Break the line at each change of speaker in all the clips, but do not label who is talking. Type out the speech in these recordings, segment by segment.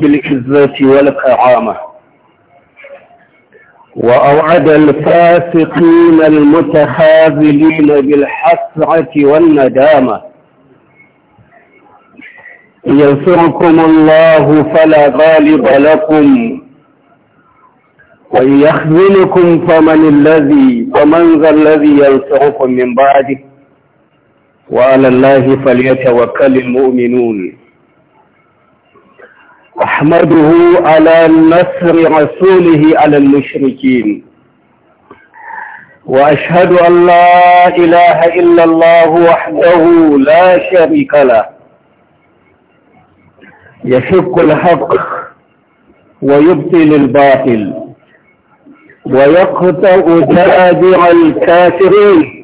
بالعزة والكرامة وأوعد الفاسقين المتخاذلين بالحسرة والندامة ينصركم الله فلا غالب لكم وإن يخذلكم فمن الذي ومن ذا الذي ينصركم من بعده وعلى الله فليتوكل المؤمنون أحمده على نصر رسوله على المشركين وأشهد أن لا إله إلا الله وحده لا شريك له يشك الحق ويبطل الباطل ويقطع دابر الكافرين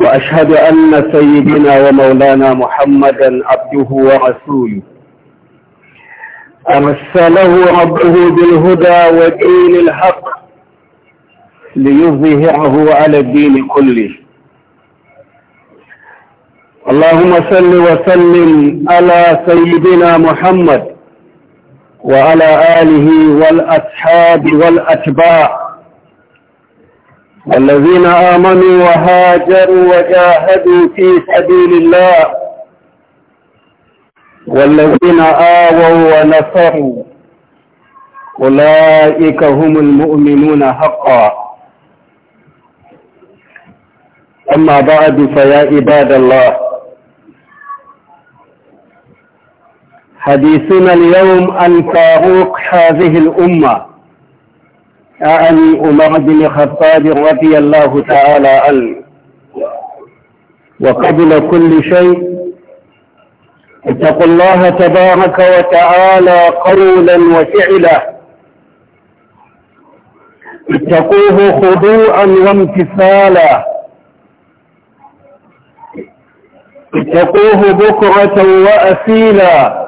وأشهد أن سيدنا ومولانا محمدا عبده ورسوله أرسله ربه بالهدى ودين الحق ليظهره على الدين كله اللهم صل وسلم على سيدنا محمد وعلى آله والأصحاب والأتباع الذين آمنوا وهاجروا وجاهدوا في سبيل الله والذين آووا ونصروا أولئك هم المؤمنون حقا أما بعد فيا عباد الله حديثنا اليوم عن فاروق هذه الأمة عن عمر بن الخطاب رضي الله تعالى عنه وقبل كل شيء اتقوا الله تبارك وتعالى قولا وفعلا اتقوه خضوعا وامتثالا اتقوه بكرة وأسيلا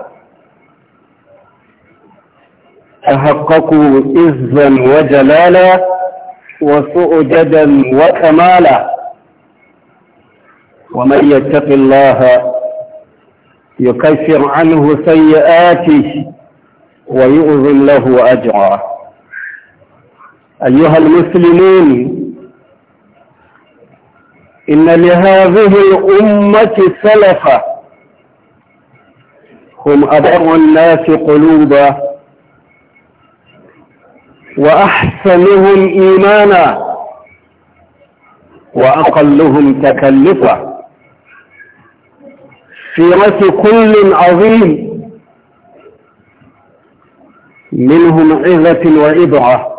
تحققوا عزا وجلالا وسؤددا وكمالا ومن يتق الله يكفر عنه سيئاته ويؤذن له أجرا أيها المسلمون إن لهذه الأمة سلفا هم أبر الناس قلوبا وأحسنهم إيمانا وأقلهم تكلفا سيرة كل عظيم منهم عظة وإبعة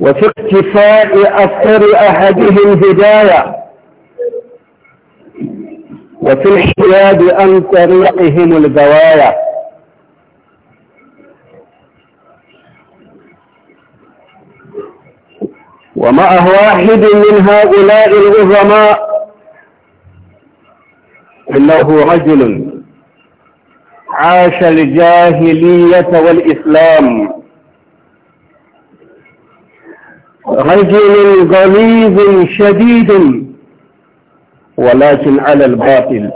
وفي اقتفاء أثر أحدهم هداية وفي الحياد عن طريقهم البوايا ومع واحد من هؤلاء العظماء إنه رجل عاش الجاهلية والإسلام رجل غليظ شديد ولكن على الباطل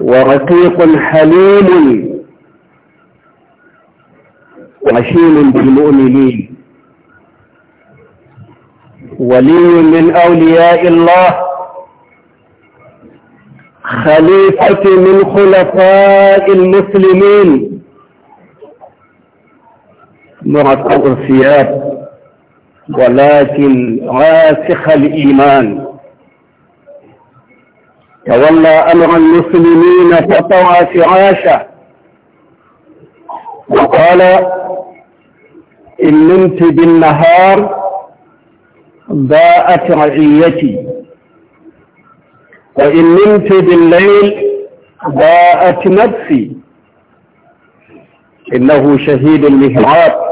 ورقيق حليم رشيم بالمؤمنين ولي من أولياء الله خليفة من خلفاء المسلمين مرة الثياب ولكن راسخ الإيمان تولى أمر المسلمين فطوى فراشه وقال إن نمت بالنهار ضاءت رعيتي وإن نمت بالليل ضاءت نفسي إنه شهيد المهراب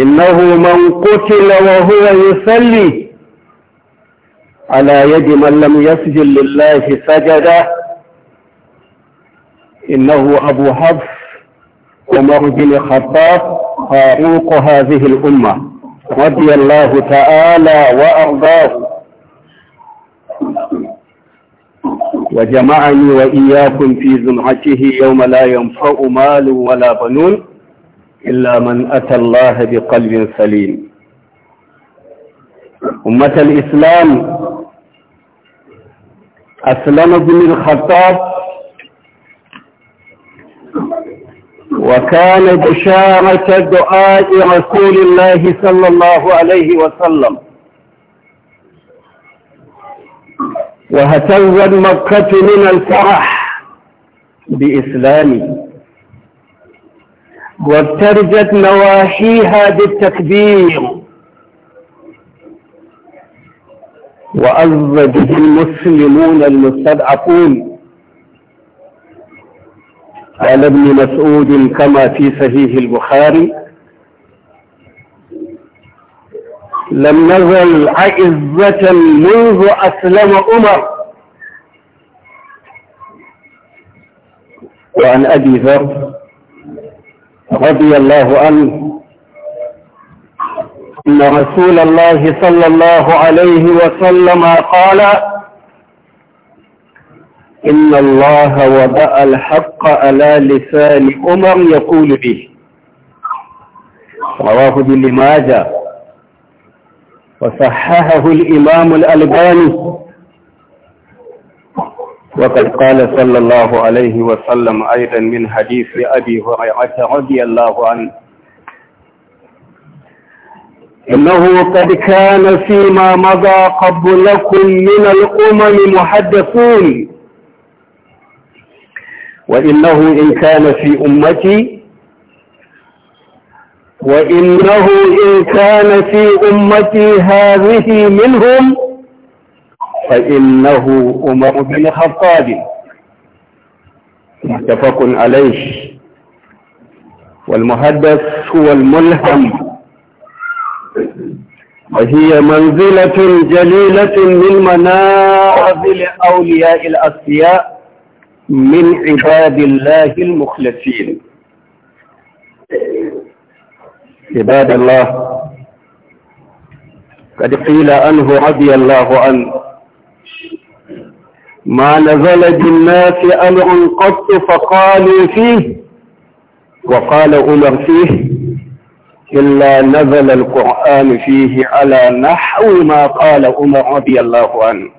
إنه من قتل وهو يصلي على يد من لم يسجد لله سجدا إنه أبو حفص ومر بن خطاب فاروق هذه الأمة رضي الله تعالى وأرضاه وجمعني وإياكم في زمعته يوم لا ينفع مال ولا بنون إلا من أتى الله بقلب سليم أمة الإسلام أسلم بن الخطاب
وكان بشارة
دعاء رسول الله صلى الله عليه وسلم وهتزت مكة من الفرح بإسلامه وابترجت نواحيها بالتكبير وأزج المسلمون المستضعفون على ابن مسعود كما في صحيح البخاري
لم نزل
عزة منذ أسلم عمر وعن أبي ذر رضي الله عنه أن رسول الله صلى الله عليه وسلم قال إن الله وضع الحق على لسان أمر يقول به رواه ابن ماجه وصححه الإمام الألباني وقد قال صلى الله عليه وسلم أيضا من حديث أبي هريرة رضي الله عنه إنه قد كان فيما مضى قبلكم من الأمم محدثون وإنه إن كان في أمتي وإنه إن كان في أمتي هذه منهم فإنه أمر بن خطاب متفق عليه والمحدث هو الملهم وهي منزلة جليلة من منازل أولياء الأصفياء من عباد الله المخلصين
عباد الله
قد قيل عنه رضي الله عنه ما نزل بالناس أمر قط فقالوا فيه وقال عمر فيه إلا نزل القرآن فيه على نحو ما قال عمر رضي الله عنه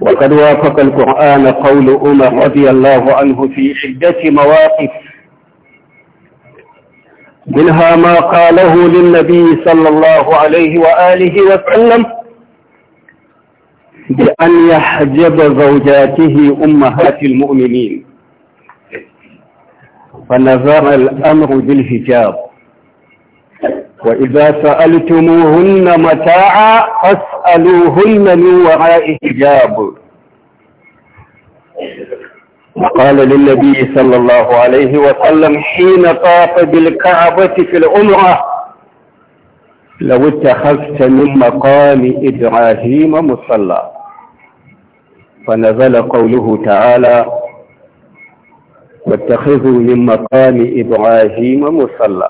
وقد وافق القرآن قول عمر رضي الله عنه في عدة مواقف منها ما قاله للنبي صلى الله عليه وآله وسلم بأن يحجب زوجاته أمهات المؤمنين فنظر الأمر بالحجاب وإذا سألتموهن متاعا فاسألوهن من وراء حجاب وقال للنبي صلى الله عليه وسلم حين طاف بالكعبة في العمرة لو اتخذت من مقام إبراهيم مصلى فنزل قوله تعالى واتخذوا من مقام إبراهيم مصلى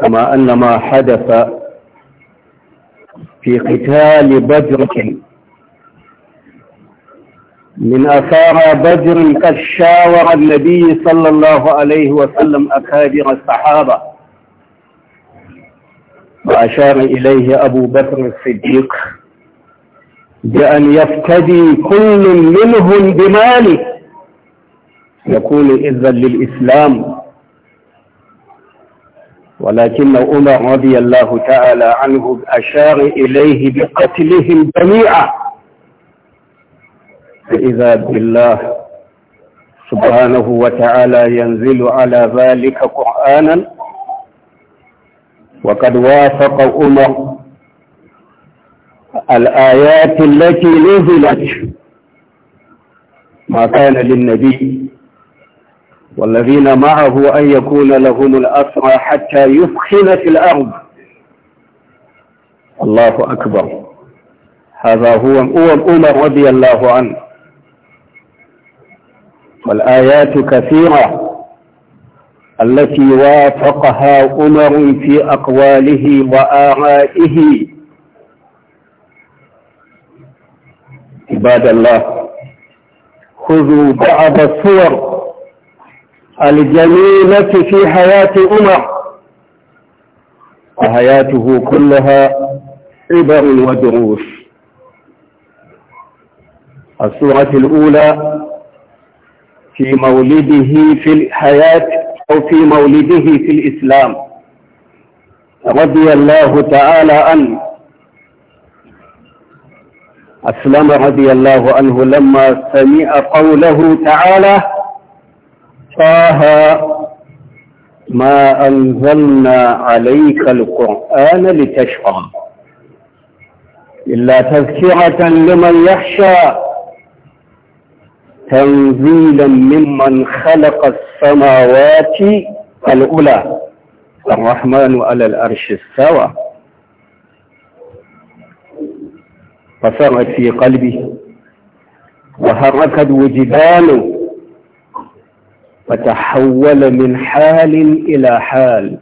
كما أن ما حدث في قتال بدر من أثار بدر قد شاور النبي صلى الله عليه وسلم أكابر الصحابة وأشار إليه أبو بكر الصديق بأن يفتدي كل منهم بماله يكون إذا للإسلام ولكن عمر رضي الله تعالى عنه أشار إليه بقتلهم جميعا فإذا بالله سبحانه وتعالى ينزل على ذلك قرآنا وقد وافق عمر الآيات التي نزلت ما كان للنبي والذين معه أن يكون لهم الأسرى حتى يثخن في الأرض الله أكبر هذا هو أمر رضي الله عنه والآيات كثيرة التي وافقها أمر في أقواله وآرائه عباد الله خذوا بعض الصور الجميلة في حياة أمر وحياته كلها عبر ودروس السورة الأولى في مولده في الحياة أو في مولده في الإسلام رضي الله تعالى عنه أسلم رضي الله عنه لما سمع قوله تعالى طه ما أنزلنا عليك القرآن لتشقى إلا تذكرة لمن يخشى تنزيلا ممن خلق السماوات الأولى الرحمن على الأرش السوى فصرت في قلبي وحركت وجدانه فتحول من حال إلى حال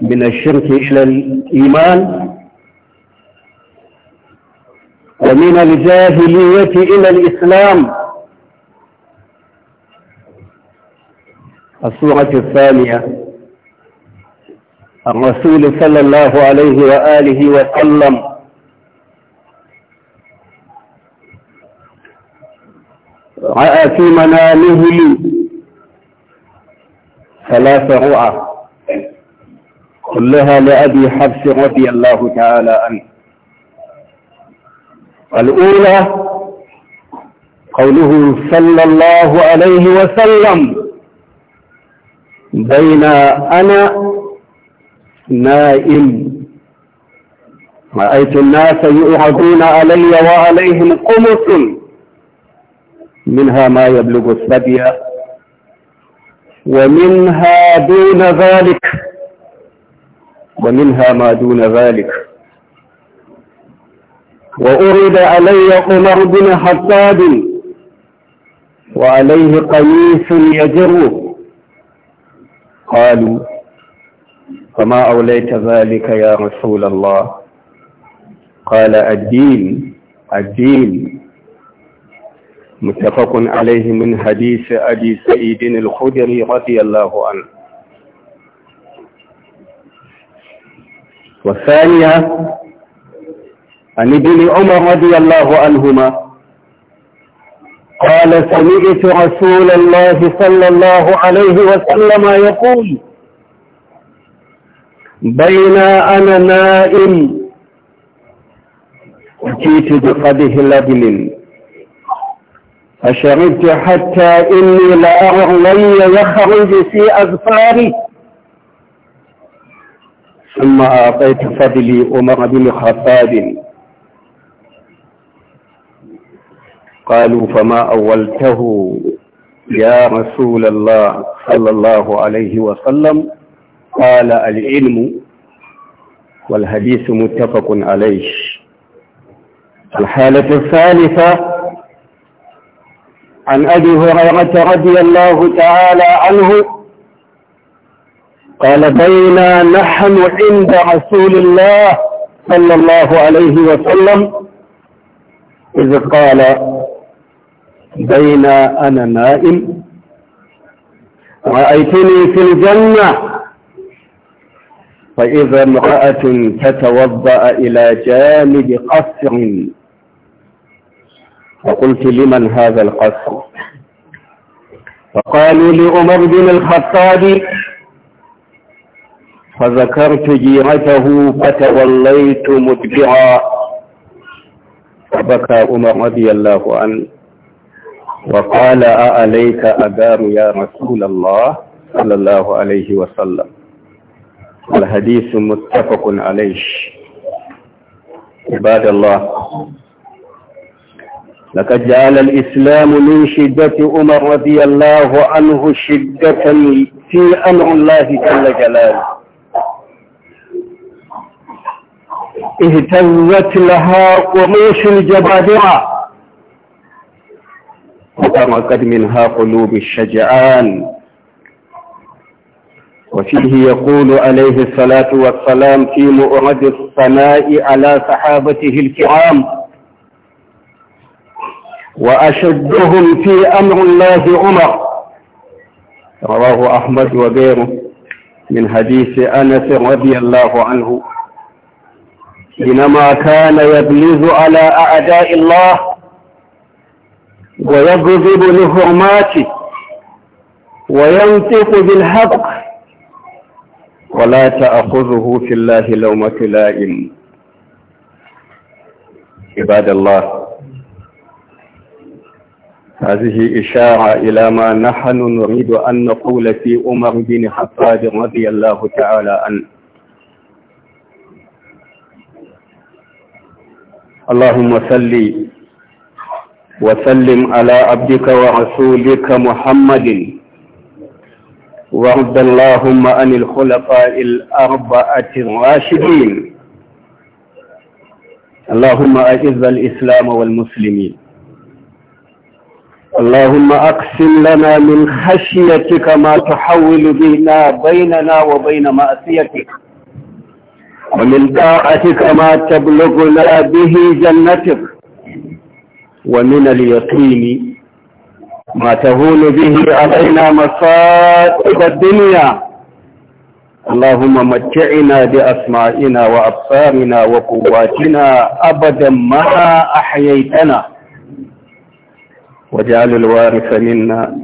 من الشرك إلى الإيمان ومن الجاهلية إلى الإسلام السورة الثانية الرسول صلى الله عليه وآله وسلم رأى في منامه ثلاث رؤى كلها لأبي حفص رضي الله تعالى عنه الأولى قوله صلى الله عليه وسلم بين أنا نائم رأيت الناس يعرضون علي وعليهم قمص منها ما يبلغ الثدي ومنها دون ذلك ومنها ما دون ذلك وأرد علي عمر بن حساب وعليه قميص يجره قالوا فما أوليت ذلك يا رسول الله قال الدين الدين متفق عليه من حديث أبي سعيد الخدري رضي الله عنه والثانية عن ابن عمر رضي الله عنهما قال سمعت رسول الله صلى الله عليه وسلم يقول بين أنا نائم أتيت بقده لبن أشربت حتى إني لأغلي يخرج في اظفاري ثم أعطيت فضلي عمر بن خطاب قالوا فما أولته يا رسول الله صلى الله عليه وسلم قال العلم والحديث متفق عليه الحالة الثالثة عن أبي هريرة رضي الله تعالى عنه قال بينا نحن عند رسول الله صلى الله عليه وسلم إذ قال بينا أنا نائم رأيتني في الجنة فإذا امرأة تتوضأ إلى جانب قصر فقلت لمن هذا القصر فقالوا لعمر بن الخطاب فذكرت جيرته فتوليت مدبعا فبكى عمر رضي الله عنه وقال أأليك أدار يا رسول الله صلى الله عليه وسلم الحديث متفق عليه عباد الله لقد جعل الإسلام من شدة عمر رضي الله عنه شدة في أمر الله جل جلاله اهتزت لها قريش الجبابرة وطرقت منها قلوب الشجعان وفيه يقول عليه الصلاة والسلام في مؤرد الصناء على صحابته الكرام وأشدهم في أمر الله عمر رواه أحمد وغيره من حديث أنس رضي الله عنه حينما كان يبلز على أعداء الله ويغضب لحرماته وينطق بالحق ولا تأخذه في الله لومة لائم عباد الله هذه إشارة إلى ما نحن نريد أن نقول في عمر بن حفاد رضي الله تعالى عنه اللهم صل وسلم على عبدك ورسولك محمد وارض اللهم عن الخلفاء الأربعة الراشدين اللهم أعز الإسلام والمسلمين اللهم أقسم لنا من خشيتك ما تحول بنا بيننا وبين معصيتك ومن طاعتك ما تبلغنا به جنتك ومن اليقين ما تهون به علينا مصائب الدنيا اللهم متعنا بأسمائنا وأبصارنا وقواتنا أبدا ما أحييتنا واجعل الوارث منا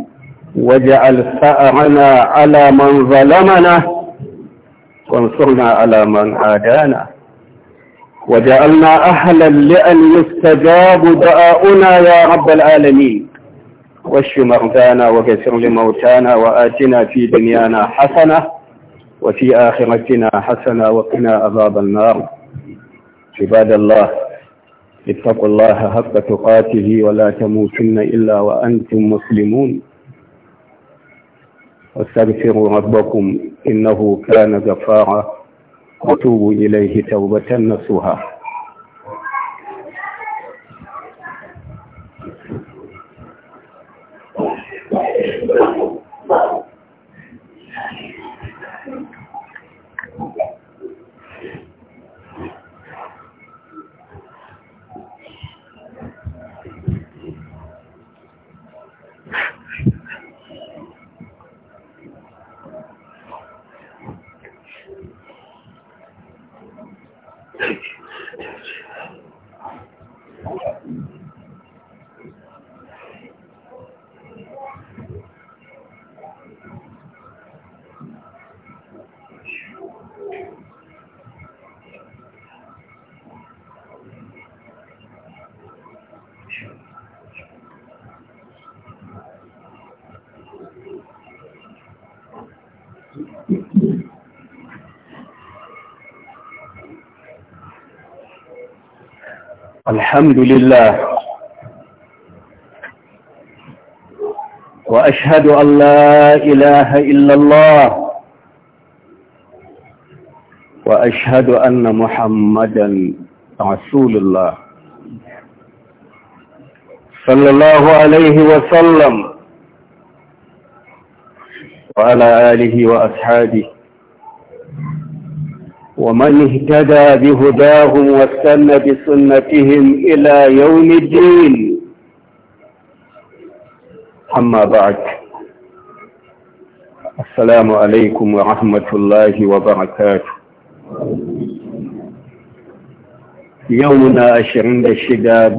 واجعل ثأرنا على من ظلمنا وانصرنا على من عادانا وجعلنا أهلا لأن يستجاب دعاؤنا يا رب العالمين واشف مرضانا وكسر لموتانا وآتنا في دنيانا حسنة وفي آخرتنا حسنة وقنا عذاب النار عباد الله اتقوا الله حق تقاته ولا تموتن إلا وأنتم مسلمون واستغفروا ربكم إنه كان غفارا وتوبوا إليه توبة نصوحا Thank you. الحمد لله وأشهد أن لا إله إلا الله وأشهد أن محمدا رسول الله صلى الله عليه وسلم وعلى آله وأصحابه ومن اهتدى بهداهم واستنى بسنتهم إلى يوم الدين أما بعد السلام عليكم ورحمة الله وبركاته يومنا عشرين الشداد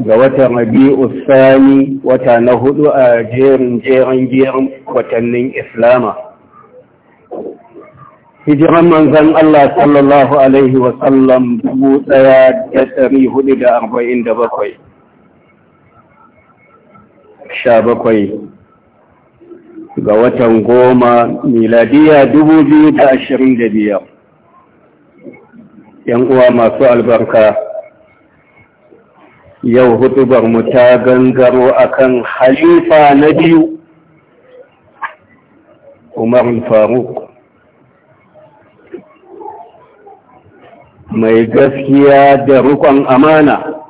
جوات ربيع الثاني وتنهد أجير جير جير وتنين إسلامه hijiran manzan Allah sallallahu Alaihi wasallam dubu ɗaya da ɗari hudu da arba'in da bakwai. Sha bakwai ga watan goma miladiya dubu biyu da ashirin da biyar. ‘Yan uwa masu albarka, yau hudubar mu ta gangaro akan halifa na biyu, Umar Faruk. mai gaskiya da rukon amana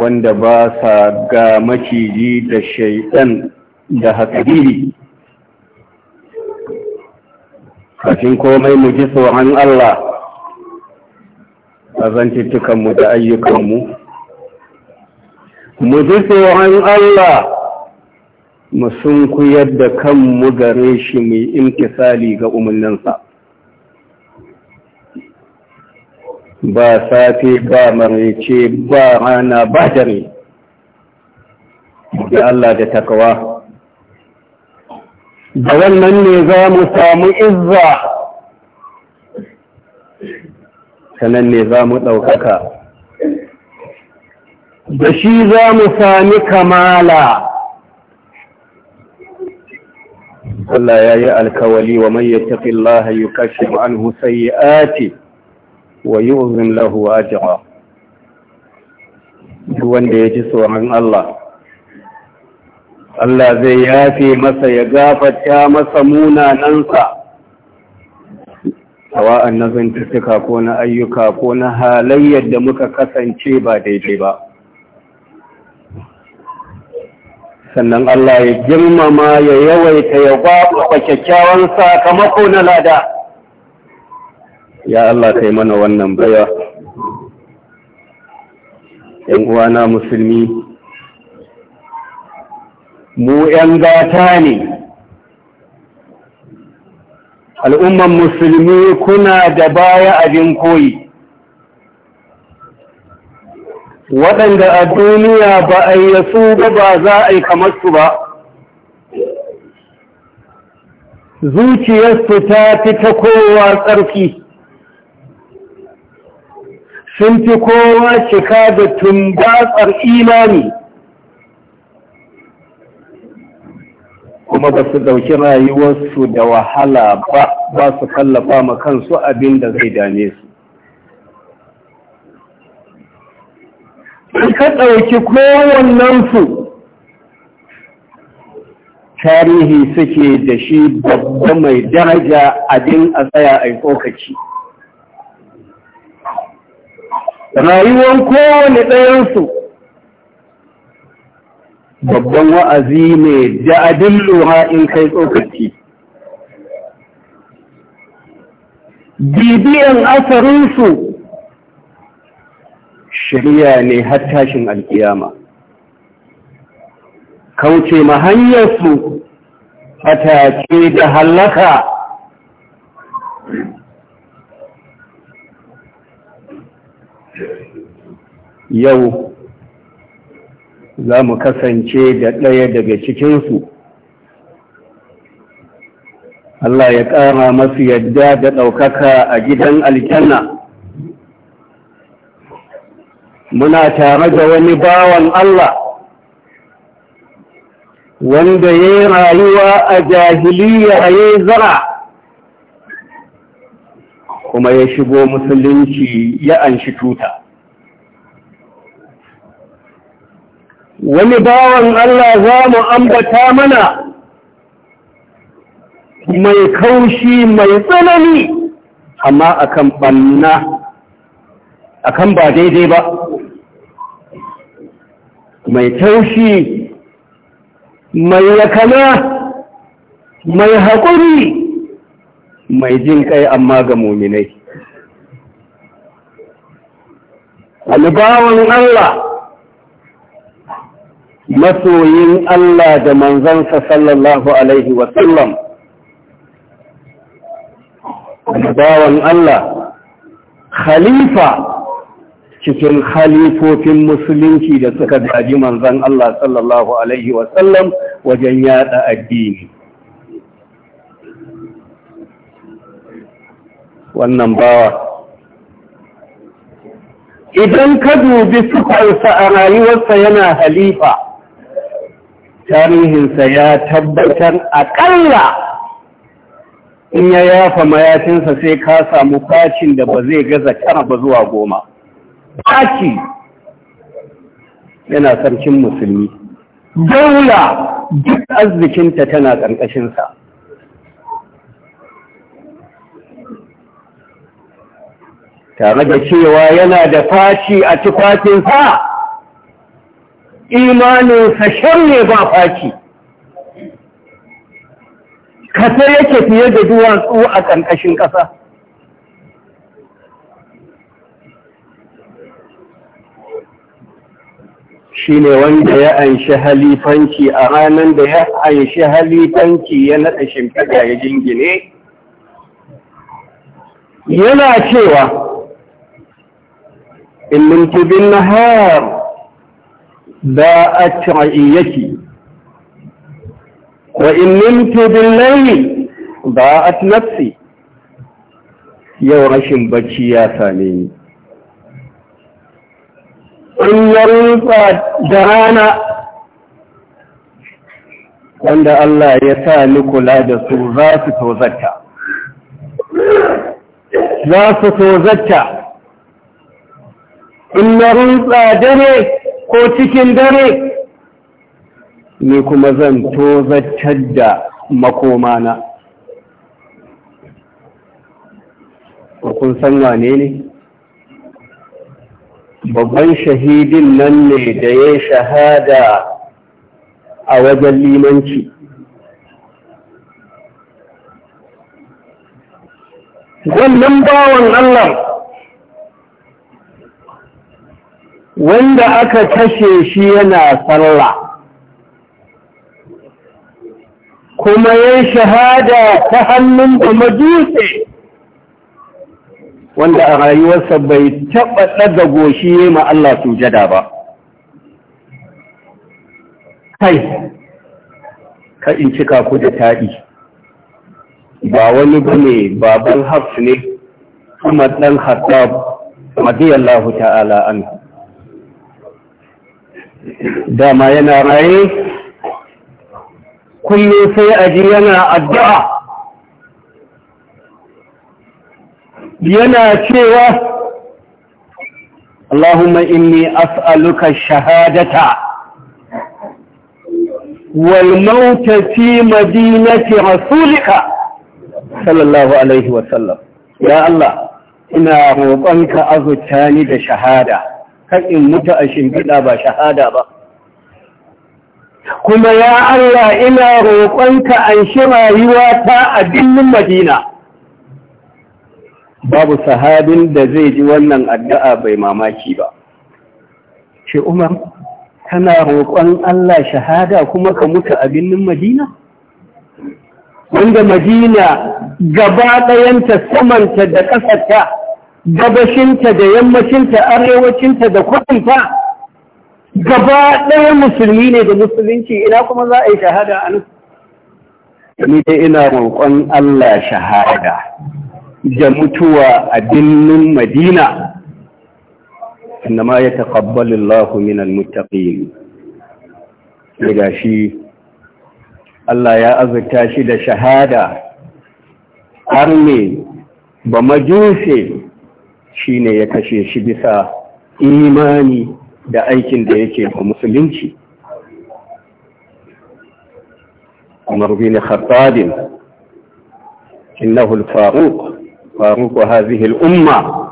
wanda ba sa ga maciji da shaidan da hakiri kashin komai mu ji tsohon Allah a zantuttukanmu da ayyukanmu mu ji tsohon Allah mu yadda da kanmu gare shi mai imtisali ga umarninsa ba safe ba maraice ba rana ba dare da Allah da takawa da wannan ne za mu samu izza sanan ne za mu ɗaukaka da shi za mu sami kamala Allah ya yi alkawali wa mai yattaƙi Allah ya kashe ma'an hussayi ake ويعظم له أجرا wanda ya ji tsoron Allah Allah zai yafe masa ya gafata masa munanansa sawa'an na zantattuka ko na ayyuka ko na halayyar da muka kasance ba daidai ba sannan Allah ya girmama ya yawaita ya gwaba kyakkyawan sakamako na lada ya Allah kai mana wannan baya ‘yan uwana musulmi mu ‘yan gata ne al'umman musulmi kuna da baya abin koyi waɗanda a duniya ba a yi su ba ba za a yi kamar su ba zuciyarsu ta fi ta kowa tsarki sun
fi kowa cika
da tumbatsar imani kuma ba su ɗauki rayuwarsu da wahala ba ba su kallafa ma kansu abin da zai dame su ka ɗauki kowannensu tarihi suke da shi babba mai daraja abin a tsaya a tsokaci. rayuwar kowane ɗayansu babban wa'azi ne da adin lura in kai tsokaci bibiyan asarinsu shirya ne hattashin tashin alkiyama kauce ma hanyarsu take da hallaka yau za mu kasance da ɗaya daga cikinsu Allah ya ƙara masu yadda da ɗaukaka a gidan aljanna muna tare da wani bawan Allah wanda ya yi rayuwa a jahiliya ya yi zara kuma ya shigo musulunci ya anshi tuta wani bawan Allah za mu ambata mana mai kaushi mai tsanani amma akan banna akan ba daidai ba mai taushi mai yakana mai haƙuri mai jin ƙai amma ga muminai. Albawan Allah masoyin Allah da manzansa sallallahu alaihi wasallam bawan Allah khalifa cikin khalifofin musulunci da suka gaji manzan Allah sallallahu alaihi wasallam wajen yada addini wannan bawa idan ka dubi sukansa a rayuwarsa yana halifa tarihinsa ya tabbatar a aƙalla in ya yafa mayafinsa sai ka samu kacin da ba zai gaza tara ba zuwa goma kaci yana sarkin musulmi daula duk arzikinta tana ƙarƙashinsa tare da cewa yana da faci a sa? imaninsa shan ne ba faki kasa yake fiye da duwatsu a ƙarƙashin ƙasa shi ne wanda ya anshi halifanci a ranar da ya anshi halifanci ya naɗa shimfiɗa ya jingine yana cewa in mintubin haram Ba a Wa رعيتي وإن Laini ba a نفسي yau rashin bacci ya same ni in ya rufa da rana wanda Allah ya sa ni kula da su za su tozarta za su tozarta
in ya da dare ko cikin dare
ni kuma zan tozartar da makomana kun san wane ne babban shahidin nan ne da ya shahada a wajen limanci wannan bawan Allah wanda aka kashe shi yana sallah kuma ya shahada ta hannun da majuse wanda a rayuwarsa bai taɓa ɗaga goshi ya ma Allah sujada ba kai ka in cika ku da taɗi ba wani bane baban hafs ne kuma ɗan hattab radiyallahu ta'ala an. dama yana raye kullum sai aji yana addu'a yana cewa Allahumma inni as'aluka shahadata wal mauta fi madinati rasulika sallallahu alaihi wasallam ya Allah ina roƙonka azuta ni da shahada haƙin mutu a shimfiɗa ba shahada ba kuma ya Allah ina roƙonka an shi rayuwa ta a dinnin Madina babu sahabin da zai ji wannan addu'a bai mamaki ba ce Umar kana roƙon Allah shahada kuma ka mutu a birnin Madina wanda Madina gaba ɗayanta samanta da ƙasarta gabashinta da yammacinta arewacinta da kudinta gaba ɗaya musulmi ne da musulunci ina kuma za a yi shahada a nan ni ina roƙon Allah shahada da mutuwa a binnin Madina innama ya taƙabbali Allahu minal muttaqin daga shi Allah ya azurta shi da shahada har ne ba majuse shine ya kashe shi bisa imani da aikin da yake da musulunci Umar bin Khattab innahu al-faruq wa hadhihi al-umma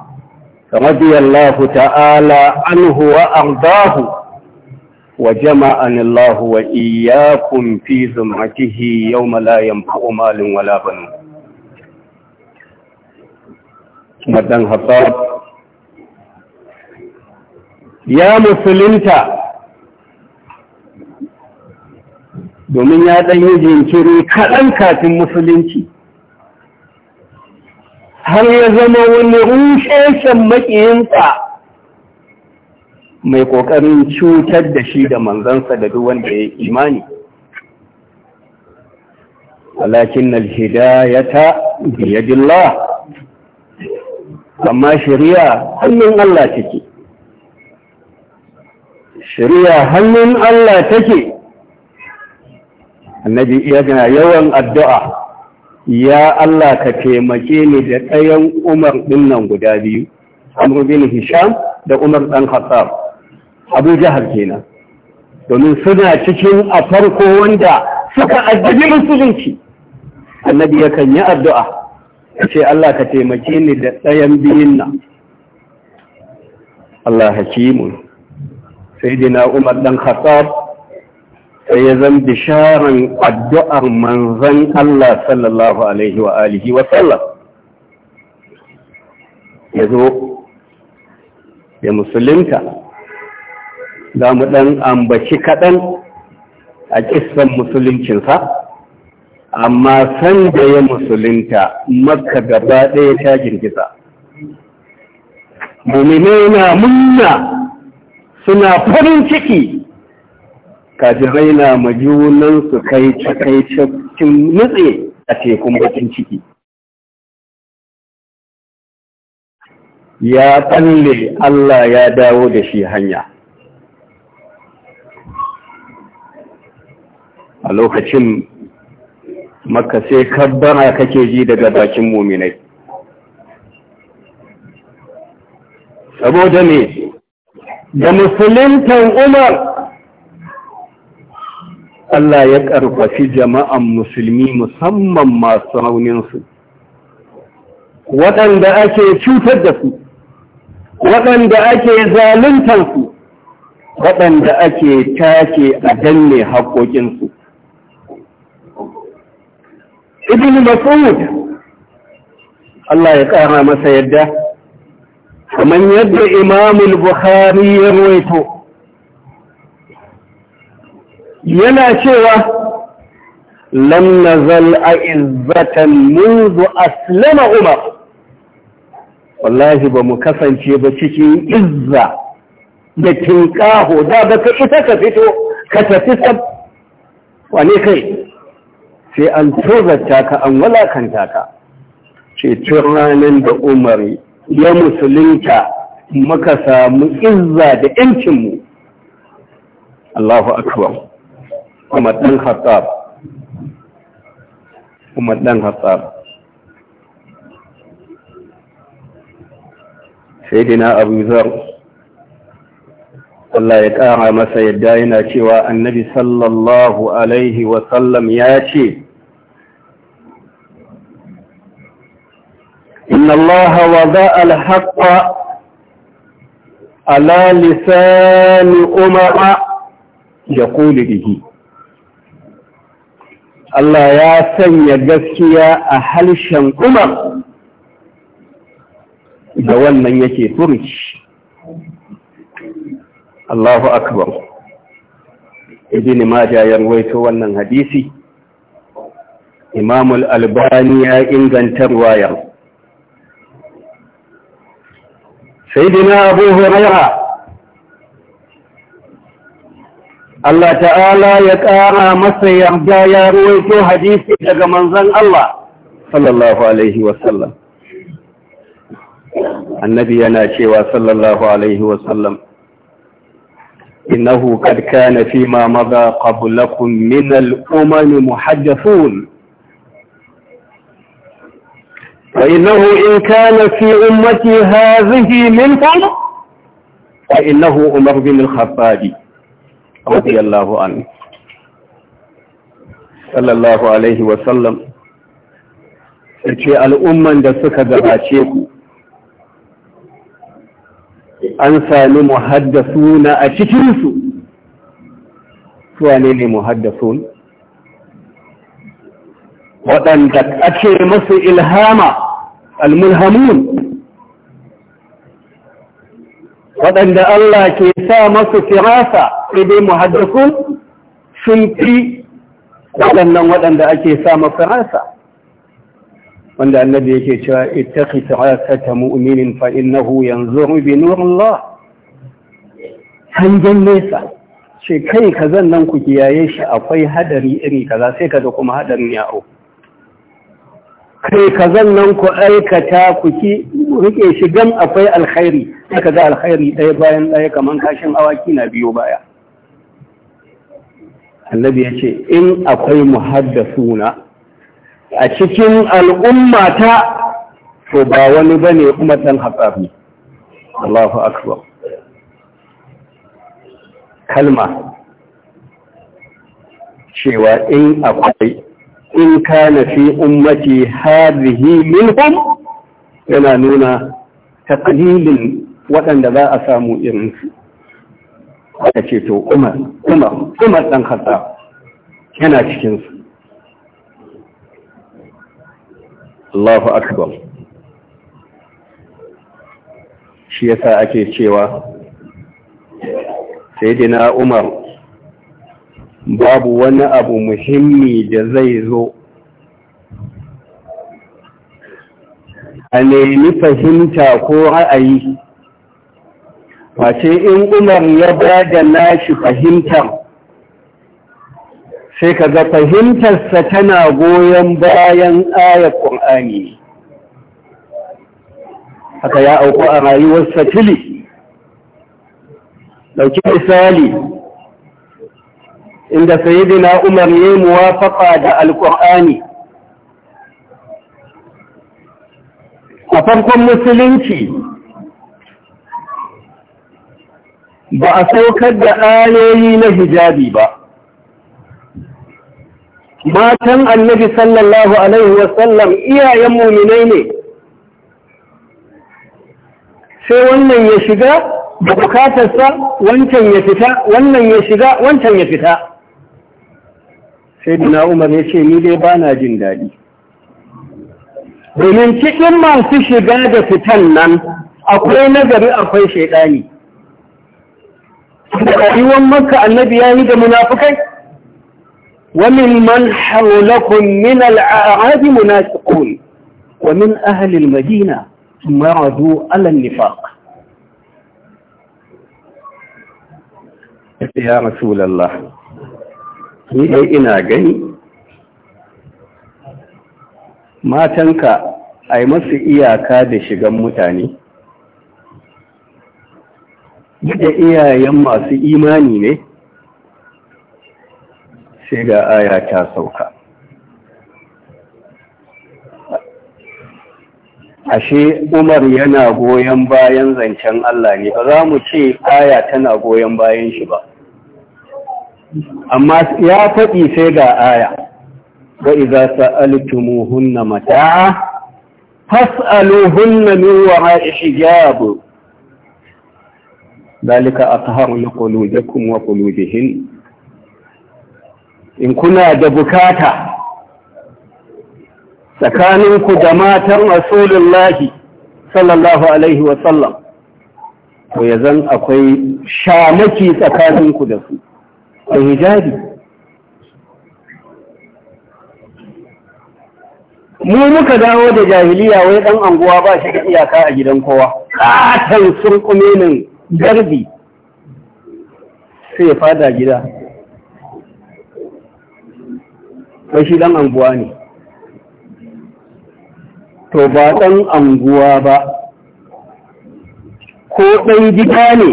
radiyallahu ta'ala arzahu wa ardahu wa الله وإياكم في زمعته يوم لا ينفع مال wala بنون Umar dan ya musulunta domin ya ɗan yi jinkiri kaɗan kafin musulunci har ya zama wani rusheshen maƙiyinsa mai ƙoƙarin cutar da shi da manzansa da duk wanda ya imani walakin alhidayata biyadillah amma shari'a hannun Allah take shari'a hannun Allah take annabi yana yawan addu'a ya Allah ka taimake ni da ɗayan Umar ɗinnan guda biyu amur bin Hisham da Umar ɗan Khattab Abu Jahal kenan domin suna cikin a farko wanda suka addabi musulunci annabi yakan yi addu'a ya Allah ka taimake ni da ɗayan biyun nan Allah hakimu sai dina umar ɗan khattab sai ya zan bisharan addu'ar manzan Allah sallallahu alaihi wa alihi wa sallam ya zo ya musulunta za mu ɗan ambaci kaɗan a ƙisar musuluncinsa amma san da ya musulunta makka gaba ɗaya ta girgiza Mumine na munna suna farin ciki kajirai na majunansu kai kai cikin nutse a tekun bakin ciki ya tsalle Allah ya dawo da shi hanya a lokacin maka sai kaddara kake ji daga bakin muminai saboda ne
da musuluntan umar
Allah ya ƙarfafi jama'an musulmi musamman masu rauninsu waɗanda ake cutar da su waɗanda ake zaluntansu waɗanda ake take a danne haƙoƙinsu ibn Mas'ud Allah ya ƙara masa yadda kamar yadda Imam al-Bukhari ya ruwaito yana cewa lam nazal a'izzatan منذ aslama Umar wallahi ba mu kasance ba cikin izza da tinkaho da baka ita ka fito ka tafi sab wane kai sai an tozarta ka an walakanta ka ce tun ranar da umar ya musulunta muka samu izza da yancinmu Allahu akbar kuma ɗan hatsar. kuma dan khattab sayyidina abu zar Allah ya ƙara masa yadda yana cewa annabi sallallahu alaihi wasallam ya ce إن الله وضع الحق على لسان أمر يقول به Allah ya sanya gaskiya a harshen Umar da wannan yake furuci. Allahu Akbar. Ibn Majah ya ruwaito wannan hadisi. Imamul al-Albani ya inganta ruwayar. سيدنا أبو هريرة الله تعالى يكارى مصر يرجى يرويك حديثي لك منظر الله صلى الله عليه وسلم النبي ناشيوى صلى الله عليه وسلم إنه قد كان فيما مضى قبلكم من الأمم محدثون فإنه إن كان في أمتي هذه منهم فإنه عمر بن الخطاب رضي الله عنه صلى الله عليه وسلم ce al'umman da suka gabace ku an sami muhaddasuna a cikinsu suwa waɗanda ake masu ilhama almulhamun waɗanda Allah ke sa masu firasa ɗaiɗai muhaddasun sun fi waɗannan waɗanda ake sa firasa. wanda annabi yake cewa ita firasata mu'minin fa innahu yanzuru bi nurillah hangen nesa ce kai kazan nan ku kiyaye shi akwai hadari iri kaza sai ka da kuma hadarin ya kai kazan nan ku aikata ku ki rike shi gam akwai alkhairi sai ka ga alkhairi ɗaya bayan ɗaya kamar kashin awaki na biyo baya annabi ya ce in akwai muhaddasuna a cikin al'ummata to ba wani bane kuma ɗan Allahu akbar kalma cewa in akwai in kana fi ummati hadhihi minhum yana nuna taqlilin waɗanda za a samu irin su aka ce to Umar Umar Umar yana cikin Allahu akbar shi yasa ake cewa saidina Umar babu wani abu muhimmi da zai zo a nemi fahimta ko ra'ayi Wace in umar ya ba da nashi fahimtar sai ka ga fahimtarsa tana goyon bayan ayar ƙur'ani haka ya auku a rayuwar satili ɗauki misali inda sayyidina Umar ya muwafaka da alkur'ani a farkon musulunci ba a saukar da ayoyi na hijabi ba matan annabi sallallahu alaihi wasallam iyayen muminai ne sai wannan ya shiga da bukatarsa wancan ya fita wannan ya shiga wancan ya fita sai duna umar ya ce ni dai ba na jin daɗi domin cikin masu shiga da fitan nan akwai nazari akwai shaidani da rayuwar maka annabi ya yi da munafukai ومن من حولكم من الأعراب منافقون ومن أهل المدينة مرضوا على النفاق يا رسول الله ni dai ina gani matanka a yi masu iyaka da shigan mutane da iyayen masu imani ne sai ga aya ta sauka ashe umar yana goyon bayan zancen Allah ne ba za mu ce aya tana goyon bayan shi ba amma ya faɗi sai ga aya wa idza sa'altumuhunna mata'a fas'aluhunna min wara'i hijab ذلك liqulubikum wa qulubihin in kuna da bukata tsakaninku da matan rasulullahi sallallahu alaihi sallam to ya zan akwai shamaki tsakaninku da su da hijabi mu muka dawo da jahiliya wai dan anguwa ba shi da iyaka a gidan kowa katan sun garbi sai fada gida wai shi dan anguwa ne to ba dan anguwa ba ko ɗan gida ne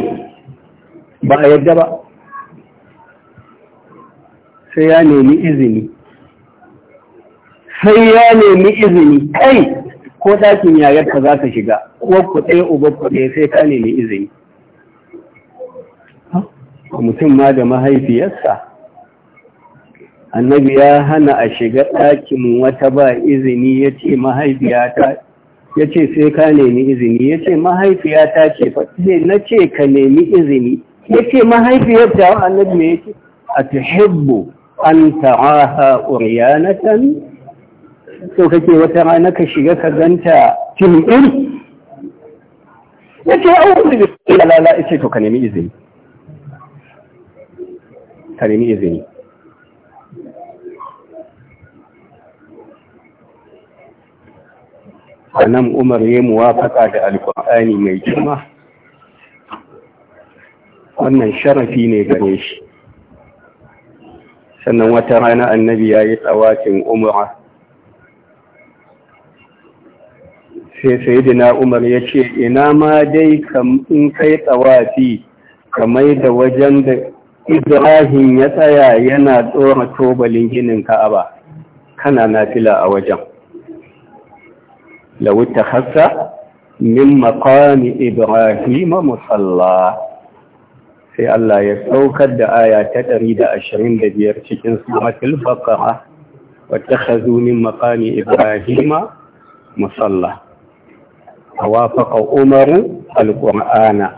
ba a yadda ba sai ya nemi izini sai ya nemi izini kai ko ɗakin yayarka za ta shiga ko ku ɗaya uba ku ɗaya sai ka nemi izini mutum ma da mahaifiyarsa annabi ya hana a shiga ɗakin wata ba izini ya ce mahaifiyata ya ce sai ka nemi izini ya ce mahaifiyata ce na ce ka nemi izini ya ce mahaifiyarta annabi ya ce a tuhibbu an ta'aha uryanatan so kake wata rana ka shiga ka ganta tilin yace a'udhu billahi la la yace to ka nemi izini ka nemi izini sannan umar ya muwafaka da alkur'ani mai girma wannan sharafi ne gare shi sannan wata rana annabi ya yi tsawakin umara sai na umar ya ce ina ma dai in kai tsawafi kamai da wajen da ibrahim ya tsaya yana tsora tobalin ginin ka'aba kana na fila a wajen lawuta hassa min maqami ibrahim musalla sai Allah ya saukar da aya ta ɗari da da biyar cikin suratul baqara wa takhadhu min maqami ibrahima musalla wafaqa umar alqur'ana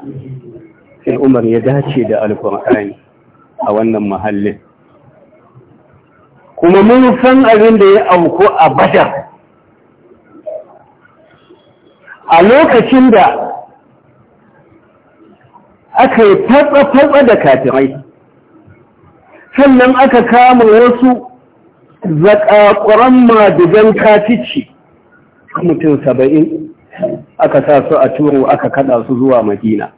sai umar ya dace da alqur'ani a wannan mahallin kuma mun san abin da ya auku a badar a lokacin da aka yi fatsa-fatsa da kafirai sannan aka kama wasu zakakuran madigan kafici mutum saba'in aka sa su a turu aka kada su zuwa madina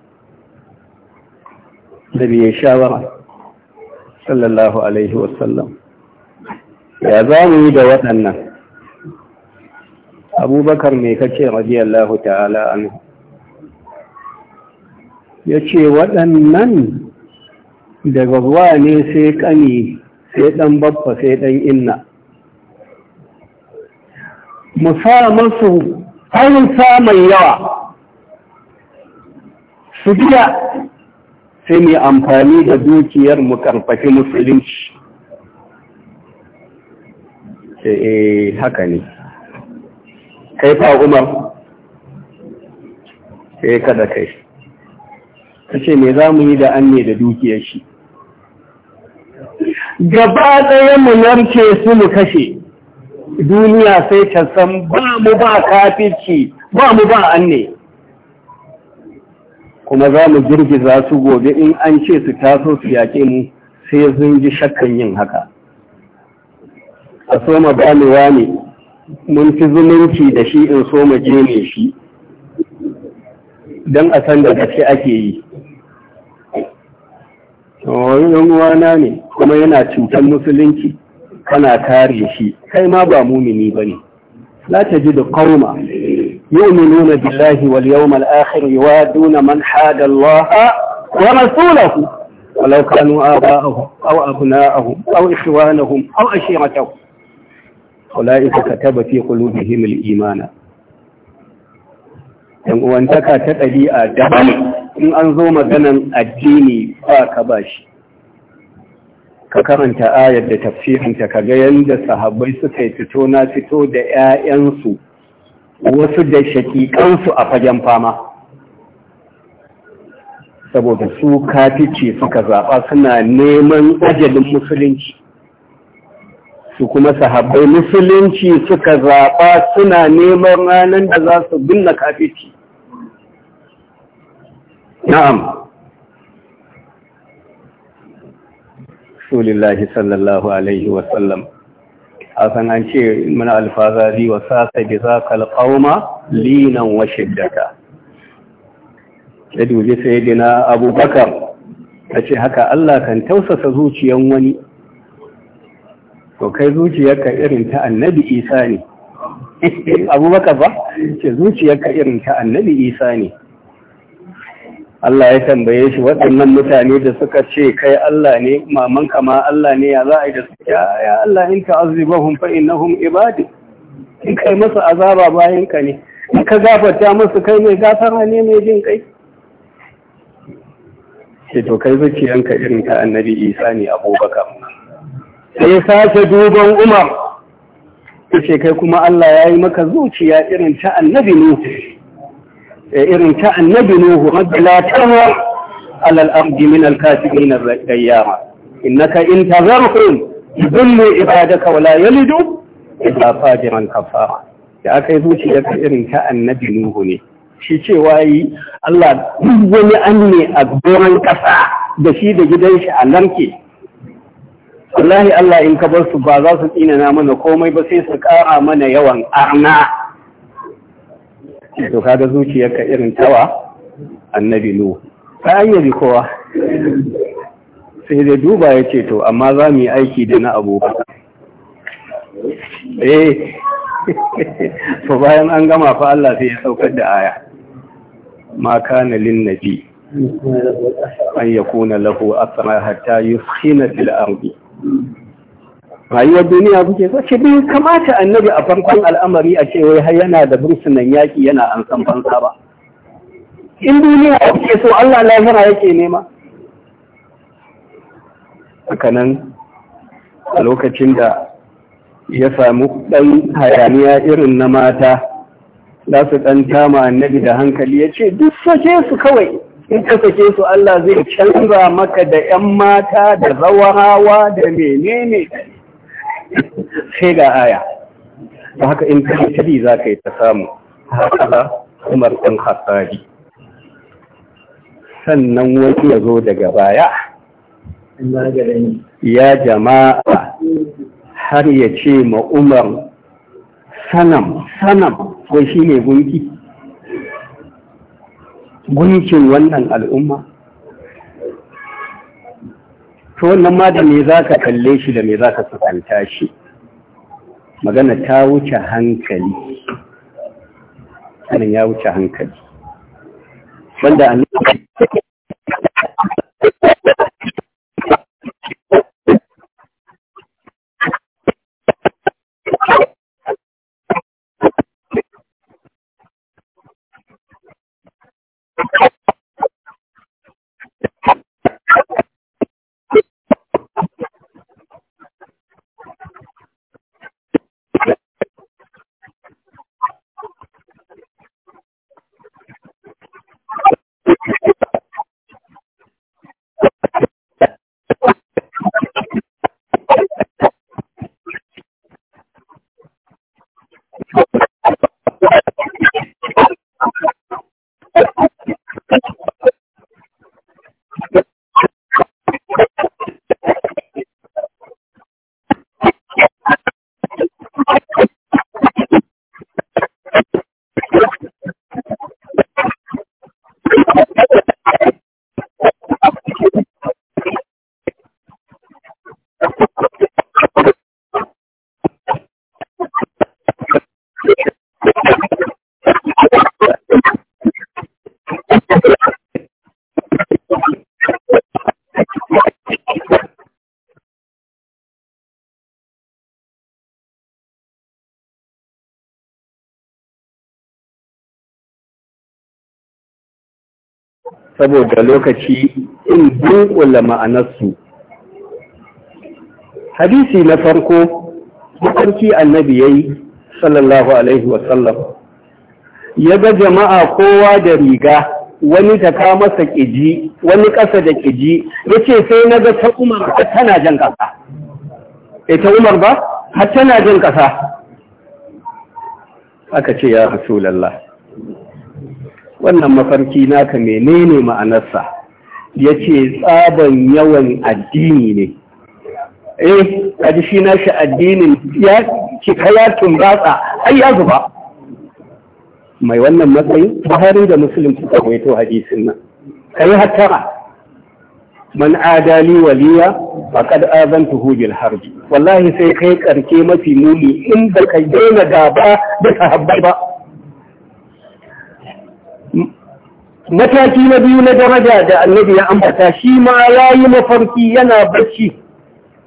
da biyan shawara sallallahu alaihi wasallam ya za mu yi da waɗannan abubakar mai kace radiyallahu ta'ala anhu ya ce waɗannan daga ruwa ne sai ƙani sai ɗan babba sai ɗan inna mu masu harin samun yawa su biya sai mai amfani da dukiyar mu karfafi musulunci sai eh, haka ne kai fa umar sai kada kai ta ce me za mu yi da an ne da dukiyar shi gaba ɗaya mu narke su mu kashe duniya sai ta san ba mu ba kafirci ba mu ba an ne kuma za mu girgiza su gobe in an ce su taso su yaƙe mu sai sun ji shakkan yin haka a soma ganewa ne mun fi zumunci da shi in soma je ne shi don a san da gaske ake yi wani uwana ne kuma yana cutar musulunci kana kare shi kai ma ba mumini bane la tajidu qauma yu'minuna billahi wal yawmal akhir yuwaduna man hada Allah wa rasulahu ولو كانوا آباءهم أو أبناءهم أو إخوانهم أو أشيرتهم أولئك كتب في قلوبهم imana. ‘Yan uwantaka ta ɗabi'a daban in an zo maganan addini ba ka ba shi ka karanta ayar da tafsirinta ka ga yadda sahabbai suka yi fito na fito da 'ya'yansu wasu da shakikansu a fagen fama saboda su kafice suka zaɓa suna neman ajalin musulunci su kuma sahabbai musulunci suka zaɓa suna neman ranar da za su binne kafici
na'am
Rasulullahi sallallahu alaihi wasallam hasan an ce muna alfazari wa sasa bi zakal qauma linan wa shiddata da dubi sayyidina abubakar ce haka Allah kan tausasa zuciyan wani to kai zuciyarka irin ta annabi isa ne abubakar ba ce zuciyarka irin ta annabi isa ne Allah ya tambaye shi waɗannan mutane da suka ce kai Allah ne maman kama Allah ne ya za a yi da suke ya Allah in ka fa’in na hun ibadi in kai masu azaba bayan ka ne in ka gafarta masu kai mai gafara ne mai jin kai ke to kai zuciyanka irin ta annabi Isa ne Abubakar sai sace duban Umar ce kai kuma Allah ya yi maka zuciya irin ta annabi Nuhu Eh, irin ta annabi nuhu rabbi la tarha ala al-ardi min al-kafirin ar-dayyara innaka in tazarhum yudillu ibadaka wa la yalidu illa fajiran kafara da aka yi zuciya irin ta annabi nuhu ne shi cewa Allah duk wani an a doron ƙasa da shi da gidan shi a lamke wallahi Allah in ka bar su ba za su tsina na mana komai ba sai su ƙara mana yawan arna to kaga zuciyarka irin tawa annabi nu ta bi kowa sai dai duba ya ce to amma za mu yi aiki da na abubuwa. eh to bayan an gama fa Allah sai ya saukar da aya ma kana lin nabi an yakuna lahu asra hatta yuskhina fil ardi rayuwar duniya kuke so shi bai kamata annabi a farkon al'amari a ce wai har yana da bursunan yaƙi yana an san fansa ba in duniya kuke so Allah lahira yake nema haka nan a lokacin da ya samu ɗan hayaniya irin na mata za su ɗan tama annabi da hankali ya ce duk sake su kawai in ka sake su Allah zai canza maka da ‘yan mata da zawarawa da menene sai ga aya don haka in kai tabi za ka yi ta samu haka umar ɗan hasari sannan wani ya zo daga baya ya jama'a har ya ce ma umar sanam sanam wai shi ne gunki gunkin wannan al'umma to wannan ma da me za ka kalle shi da me za ka sukanta shi magana ta wuce hankali anan ya wuce hankali wanda annabi
saboda lokaci
in dunkula ma'anarsu hadisi na farko mafarki annabi ya yi sallallahu alaihi wasallam ya ga jama'a kowa da riga wani ta ka masa ƙiji wani ƙasa da ƙiji ya ce sai na ga ta umar tana jan ƙasa eh, ta umar ba ta na jan ƙasa aka ce ya lalla.
wannan mafarki
naka menene ma'anarsa ya ce tsaban yawan addini ne eh kaji shi nashi addinin ya cika ya tumbatsa ai zuba mai wannan matsayin buhari da musulun suka waito hadisin nan kai hattara man adali waliya kad azan bil harbi. wallahi sai kai karke mafi muni in ba ka daina gaba da sahabbai ba mataki na biyu na daraja da annabi ya ambata shi ma ya yi mafarki yana bacci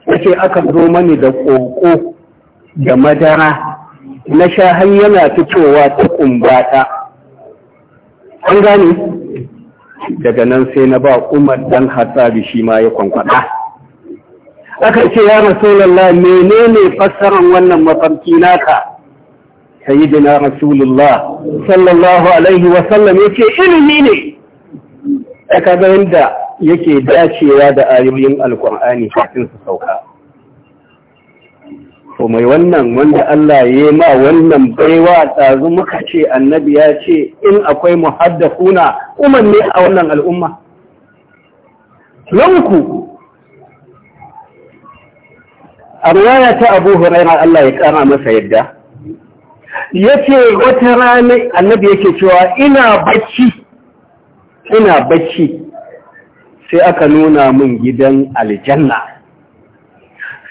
yace aka zo mani da ƙoƙo da madara na sha har yana fitowa ta kumbata an gane daga nan sai na ba umar dan hatsari shi ma ya kwankwada aka ce ya rasulallah menene fassarar wannan mafarki naka sayyidina rasulullah sallallahu alaihi wa sallam ce ilimi ne a kaga yadda yake dacewa da ayoyin alkur'ani kafin su sauka to mai wannan wanda Allah ya yi ma wannan baiwa tsazu muka ce annabi ya ce in akwai muhaddafuna umarni a wannan al'umma yanku a ta abu huraira Allah ya kara masa yadda yace wata rana annabi yake cewa ina bacci ina bacci sai aka nuna min gidan aljanna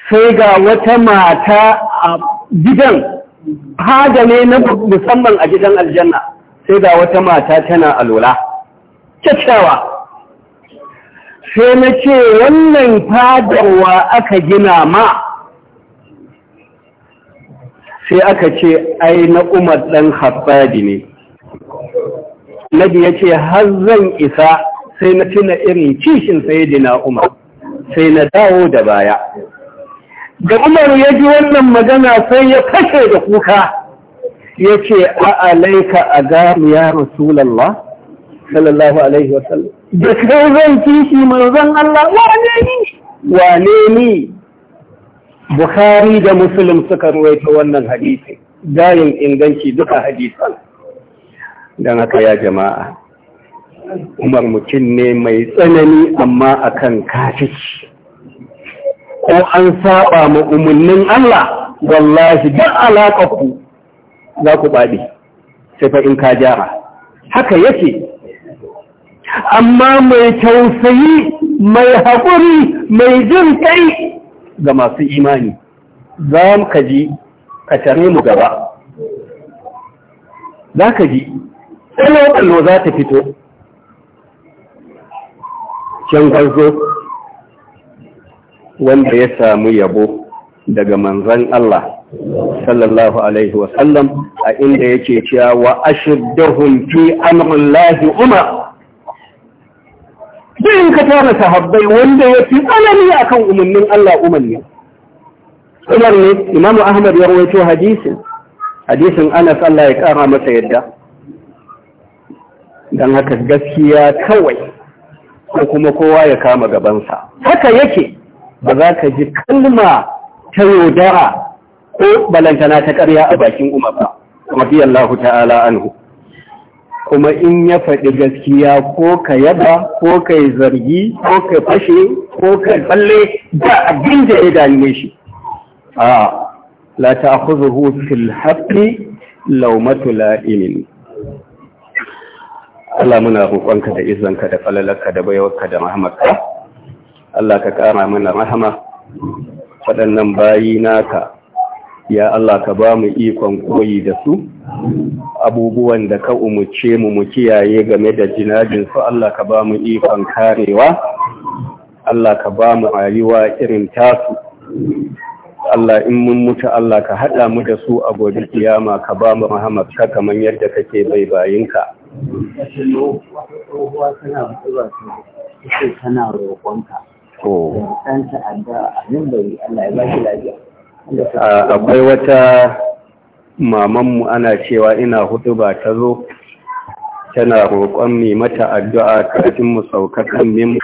sai ga wata mata a gidan haga ne na musamman a gidan aljanna sai ga wata mata tana alola kyakkyawa sai na ce wannan fadarwa aka gina ma sai aka ce ai na umar ɗan haɓɓadi ne nabi ya ce har zan isa sai na tuna irin kishin na umar sai na dawo da baya da umar ya ji wannan magana sai ya fashe da kuka ya ce a alaika a gami ya rasulallah sallallahu alaihi wasallam da kai zan kishi manzon Allah wane ni wane ni Bukhari da Muslim suka ta wannan hadisi, gayin inganci duka hadisan. Don haka ya jama'a, Umar mutum ne mai tsanani amma akan kafici. Ko an saba ma umarnin Allah, wallahi duk alaƙaku za ku baɗi, sai fa in ka jara. Haka yake, amma mai tausayi, mai haƙuri, mai jin kai ga masu imani za mu kaji ji ka tare mu gaba za ka ji tsalo-tsalo za ta fito can gwarzo wanda ya samu yabo daga manzan Allah sallallahu alaihi wasallam a inda yake cewa wa ashiddahum fi amrillahi umar in ka tara sahabbai wanda ya fi a akan umarnin Allah umarni. Umar ne Imam Ahmad ya rawaito hadisin hadisin Anas Allah ya kara masa yadda Don haka gaskiya kawai ko kuma kowa ya kama gabansa haka yake ba za ka ji kalma ta yaudara ko balantana ta karya a bakin Umar ba radiyallahu ta'ala anhu kuma in ya faɗi gaskiya ko ka yaba ko ka yi zargi ko ka fashe ko ka tsalle ba abin da ya dame shi a la ta'khudhuhu fil haqqi laumatu la'imin Allah muna roƙonka da izonka da falalarka da baiwarka da rahmarka Allah ka ƙara mana rahama waɗannan bayi naka ya Allah ka ba mu ikon koyi da su abubuwan da ka umuce mu mu kiyaye game da jinajin su Allah ka ba mu ikon karewa Allah ka ba mu rayuwa irin tasu Allah in mun mutu Allah ka haɗa mu da su a gobe kiyama ka ba mu ka kamar yadda kake bai bayinka
tana roƙonka. To. Ɗan ta'adda abin bari Allah ya ba shi lafiya.
akwai wata mamanmu ana cewa ina hudu ba ta zo tana roƙon mai mata addu'a kafin mu sauka kan